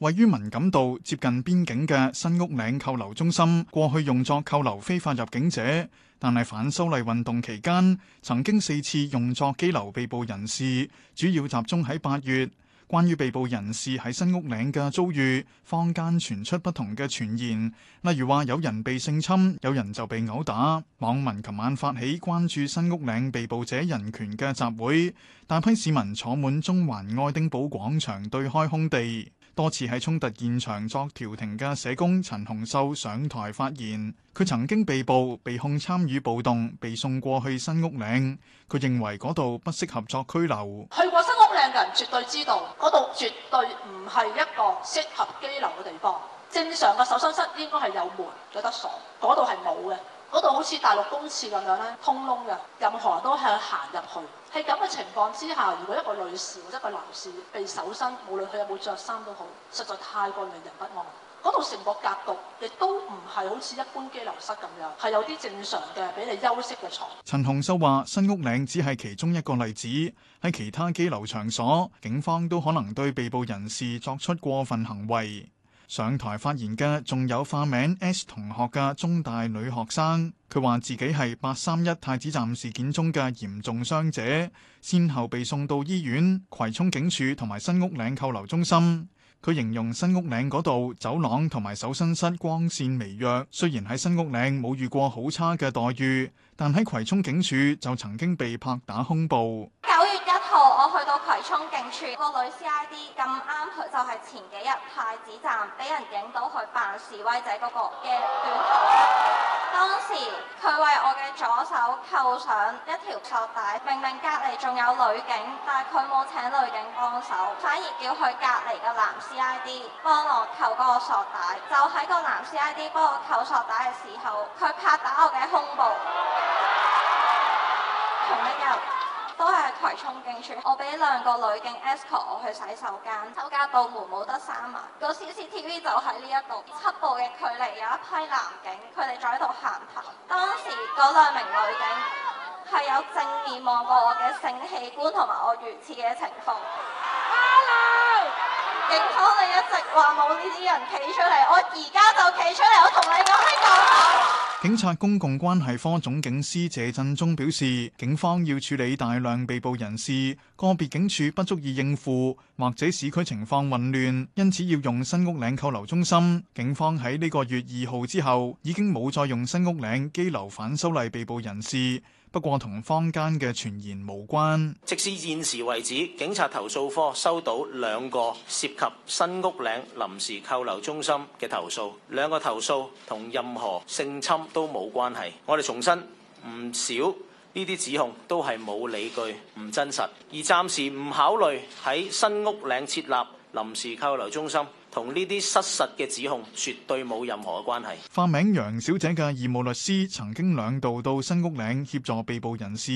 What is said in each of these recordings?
位於文錦渡接近邊境嘅新屋嶺扣留中心，過去用作扣留非法入境者，但係反修例運動期間，曾經四次用作羈留被捕人士，主要集中喺八月。關於被捕人士喺新屋嶺嘅遭遇，坊間傳出不同嘅傳言，例如話有人被性侵，有人就被毆打。網民琴晚發起關注新屋嶺被捕者人權嘅集會，大批市民坐滿中環愛丁堡廣場對開空地。多次喺衝突現場作調停嘅社工陳虹秀上台發言，佢曾經被捕、被控參與暴動，被送過去新屋嶺，佢認為嗰度不適合作拘留。去過新屋嶺嘅人絕對知道，嗰度絕對唔係一個適合拘留嘅地方。正常嘅收押室應該係有門、得有得鎖，嗰度係冇嘅。嗰度好似大陸公廁咁樣咧，通窿嘅，任何人都係行入去。喺咁嘅情況之下，如果一個女士或者一個男士被搜身，無論佢有冇着衫都好，實在太過令人不安。嗰度成個格局亦都唔係好似一般羈留室咁樣，係有啲正常嘅俾你休息嘅牀。陳洪修話：新屋嶺只係其中一個例子，喺其他羈留場所，警方都可能對被捕人士作出過分行為。上台發言嘅仲有化名 S 同學嘅中大女學生，佢話自己係八三一太子站事件中嘅嚴重傷者，先後被送到醫院、葵涌警署同埋新屋嶺扣留中心。佢形容新屋嶺嗰度走廊同埋搜身室光線微弱，雖然喺新屋嶺冇遇過好差嘅待遇，但喺葵涌警署就曾經被拍打胸部。衝勁處，個女 C I D 咁啱佢就係前幾日太子站俾人影到佢扮示威者嗰個嘅短頭。當時佢為我嘅左手扣上一條索帶，明明隔離仲有女警，但係佢冇請女警幫手，反而叫佢隔離嘅男 C I D 幫我扣個索帶。就喺個男 C I D 幫我扣索帶嘅時候，佢拍打我嘅胸部。同一日，都係葵涌警署，我俾兩個女警 escort 我去洗手間，偷家道門冇得閂埋，個 CCTV 就喺呢一度，七步嘅距離有一批男警，佢哋在喺度閒談。當時嗰兩名女警係有正面望過我嘅性器官同埋我如廁嘅情況。Hello，認可。啊啊啊啊啊啊啊啊話冇呢啲人企出嚟，我而家就企出嚟，我同你講香港。警察公共關係科總警司謝振中表示，警方要處理大量被捕人士，個別警署不足以應付，或者市區情況混亂，因此要用新屋嶺扣留中心。警方喺呢個月二號之後，已經冇再用新屋嶺羈留反修例被捕人士。不過同坊間嘅傳言無關。直至現時為止，警察投訴科收到兩個涉及新屋嶺臨時扣留中心嘅投訴，兩個投訴同任何性侵都冇關係。我哋重申，唔少呢啲指控都係冇理據、唔真實，而暫時唔考慮喺新屋嶺設立臨時扣留中心。同呢啲失實嘅指控絕對冇任何嘅關係。化名楊小姐嘅義務律師曾經兩度到新屋嶺協助被捕人士，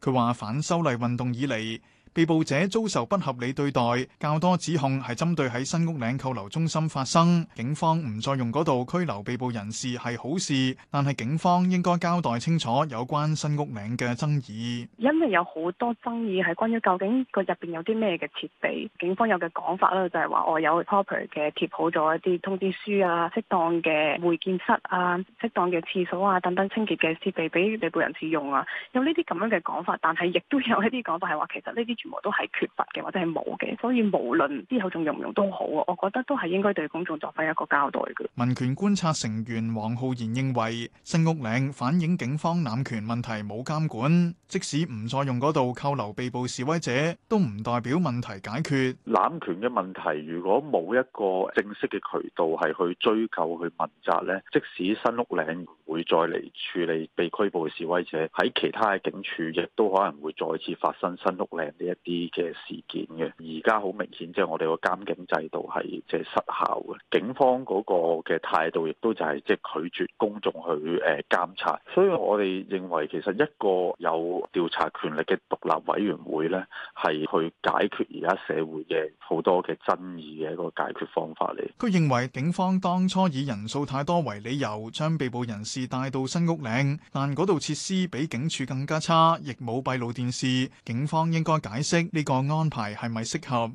佢話反修例運動以嚟。被捕者遭受不合理對待，較多指控係針對喺新屋嶺扣留中心發生。警方唔再用嗰度拘留被捕人士係好事，但係警方應該交代清楚有關新屋嶺嘅爭議，因為有好多爭議係關於究竟個入邊有啲咩嘅設備，警方有嘅講法啦，就係話我有 proper 嘅貼好咗一啲通知書啊，適當嘅會見室啊，適當嘅廁所啊，等等清潔嘅設備俾被捕人士用啊，有呢啲咁樣嘅講法，但係亦都有一啲講法係話其實呢啲，都係缺乏嘅，或者係冇嘅，所以無論之後仲用唔用都好，我覺得都係應該對公眾作翻一個交代嘅。民權觀察成員黃浩然認為，新屋嶺反映警方濫權問題冇監管，即使唔再用嗰度扣留被捕示威者，都唔代表問題解決。濫權嘅問題，如果冇一個正式嘅渠道係去追究去問責呢，即使新屋嶺會再嚟處理被拘捕嘅示威者，喺其他嘅警署亦都可能會再次發生新屋嶺呢一啲嘅事件嘅。而家好明顯，即係我哋個監警制度係即係失效嘅。警方嗰個嘅態度亦都就係即係拒絕公眾去誒監察，所以我哋認為其實一個有調查權力嘅獨立委員會呢，係去解決而家社會嘅好多嘅爭議嘅一個解決方法嚟。佢認為警方當初以人數太多為理由，將被捕人士是帶到新屋嶺，但嗰度設施比警署更加差，亦冇閉路電視。警方應該解釋呢個安排係咪適合。